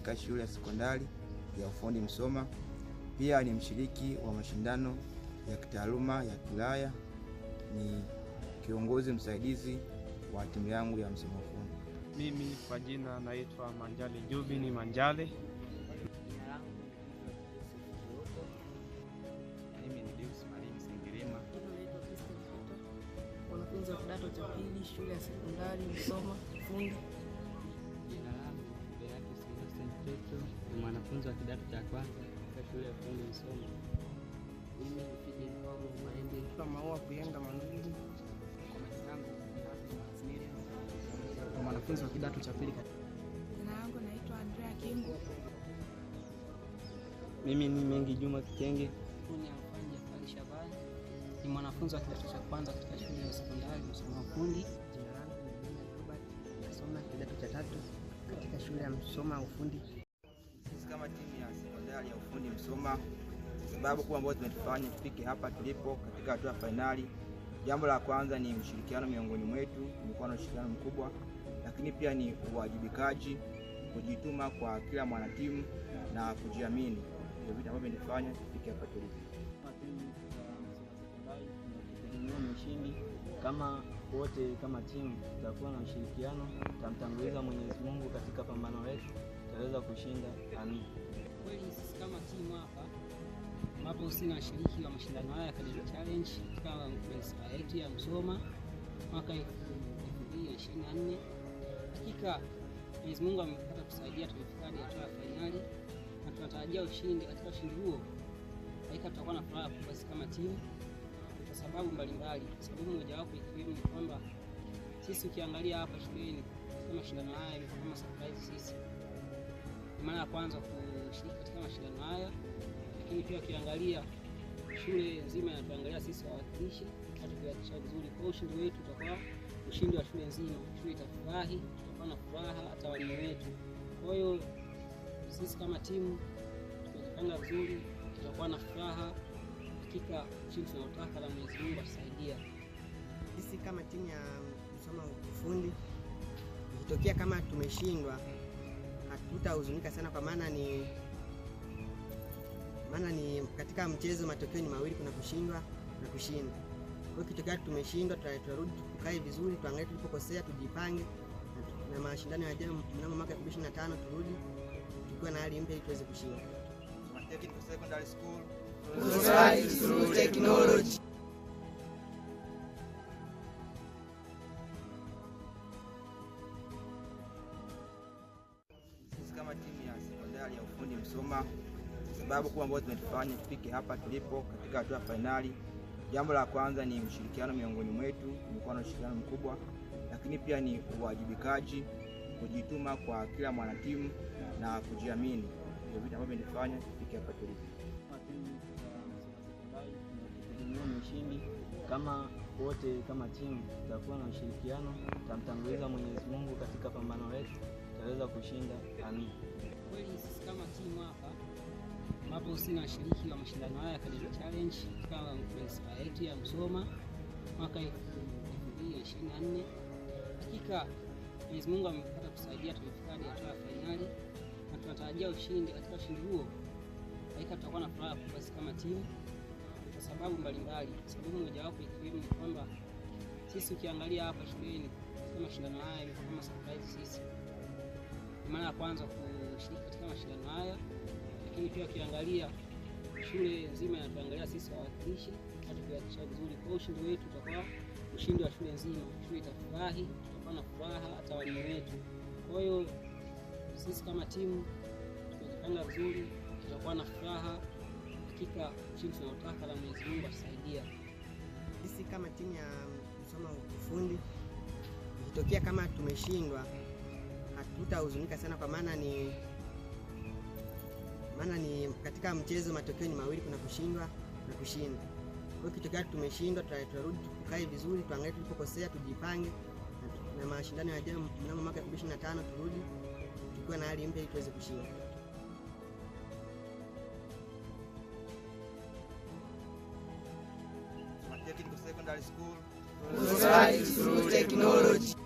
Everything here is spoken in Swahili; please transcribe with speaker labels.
Speaker 1: katika shule ya sekondari ya ufundi Msoma. Pia ni mshiriki wa mashindano ya kitaaluma ya kilaya, ni kiongozi msaidizi wa timu yangu ya msimu huu.
Speaker 2: Mimi kwa jina naitwa Manjale Jubini Manjale.
Speaker 3: Wanafunzi wa kidato cha pili shule ya sekondari Msoma fundi
Speaker 4: Petro ni mwanafunzi wa kidato cha kwanza katika shule ya fundi Musoma.
Speaker 5: Mimi
Speaker 6: naitwa Maua Kuyenga Manduli,
Speaker 7: kwa majina yangu
Speaker 8: mwanafunzi wa kidato cha pili.
Speaker 9: Jina langu naitwa Andrea Kingu.
Speaker 10: Mimi ni Mengi Juma Kitenge.
Speaker 11: Ni Amfanya Fali Shabani, ni mwanafunzi wa kidato cha kwanza katika shule ya sekondari Musoma Ufundi.
Speaker 12: Jina langu ni Robert, nasoma kidato cha tatu katika shule ya Musoma Ufundi
Speaker 13: kama timu ya sekondari ya ufundi Msoma, sababu kubwa ambayo zimetufanya tufike hapa tulipo katika hatua ya fainali. Jambo la kwanza ni mshirikiano miongoni mwetu, tumekuwa na ushirikiano mkubwa, lakini pia ni uwajibikaji, kujituma kwa kila mwanatimu na kujiamini, ndio vitu ambavyo vinifanya tufike hapa tulipo.
Speaker 14: kama wote kama timu tutakuwa na ushirikiano, tutamtanguliza Mwenyezi Mungu katika pambano letu tutaweza kushinda. Amin.
Speaker 15: Kweli sisi kama timu hapa ambapo sina washiriki wa mashindano haya ya Academy Challenge kama manispaa yetu ya Msoma mwaka 2024. Hakika Mwenyezi Mungu amepata kusaidia, tumefika hatua ya fainali na tunatarajia ushindi. Katika ushindi huo, hakika tutakuwa na furaha kubwa sisi kama timu kwa sababu mbalimbali, sababu mojawapo ikiwemo ni kwamba sisi ukiangalia hapa shuleni kama mashindano haya imekuwa kama surprise sisi mara ya kwanza kushiriki katika mashindano haya, lakini pia wakiangalia shule nzima inatuangalia sisi wawakilishi na tukiwakilisha vizuri, kwa ushindi wetu utakuwa ushindi wa shule nzima. Shule itafurahi, tutakuwa na furaha, hata walimu wetu. Kwa hiyo sisi kama timu tumejipanga vizuri, tutakuwa na furaha. Hakika ushindi tunaotaka la Mwenyezi Mungu atusaidia
Speaker 16: sisi kama timu ya Msoma Ufundi, ikitokea kama tumeshindwa utahuzunika sana kwa maana ni maana ni katika mchezo matokeo ni mawili, kuna kushindwa na kushinda. Kwa hiyo kitokea tumeshindwa, tutarudi tukae vizuri, tuangalie tulipokosea, tujipange na mashindano ya jana mnamo mwaka 2025 turudi tukiwa na hali mpya ili tuweze kushinda.
Speaker 17: Secondary School.
Speaker 13: Msuma, sababu kubwa ambayo zimetufanya tufike hapa tulipo katika hatua fainali. Jambo la kwanza ni ushirikiano miongoni mwetu, kumekuwa na ushirikiano mkubwa, lakini pia ni uwajibikaji, kujituma kwa kila mwanatimu na kujiamini, ndio vitu ambavyo vimetufanya tufike hapa tulipo.
Speaker 14: ushindi kama wote, kama timu tutakuwa na ushirikiano, tutamtanguliza Mwenyezi Mungu katika pambano letu tutaweza kushinda. Amina.
Speaker 15: Kweli sisi kama timu hapa ambapo sina washiriki wa mashindano haya Academy Challenge kama manispaa yetu ya Msoma mwaka 2024 hakika Mwenyezi Mungu amepata kusaidia, tumefika hadi hatua ya fainali na tunatarajia ushindi. Katika ushindi huo hakika tutakuwa na furaha kubwa sisi kama timu kwa sababu mbalimbali, sababu mojawapo ikiwemo ni kwamba sisi ukiangalia hapa shuleni kama mashindano haya imekuwa surprise sisi mara ya kwanza kushiriki katika mashindano haya, lakini pia ukiangalia shule nzima inatuangalia sisi wawakilishi hatukuakisha vizuri. Kwa ushindi wetu utakuwa ushindi wa shule nzima, shule itafurahi, tutakuwa na furaha hata walimu wetu. Kwa hiyo sisi kama timu tumejipanga vizuri, tutakuwa na furaha hakika. Ushindi tunaotaka la Mwenyezi Mungu atusaidia
Speaker 16: sisi kama timu ya msoma wa ufundi, ikitokea kama tumeshindwa hutahuzunika sana kwa maana ni maana ni katika mchezo matokeo ni mawili, kuna kushindwa na kushinda. Kwa hiyo kitokea tumeshindwa, tutarudi tukae vizuri, tuangalie tulipokosea, tujipange na, mashindano ya jamu mnamo mwaka 2025 turudi tukiwa na hali mpya ili tuweze kushinda.
Speaker 17: Technical Secondary School. Society technology.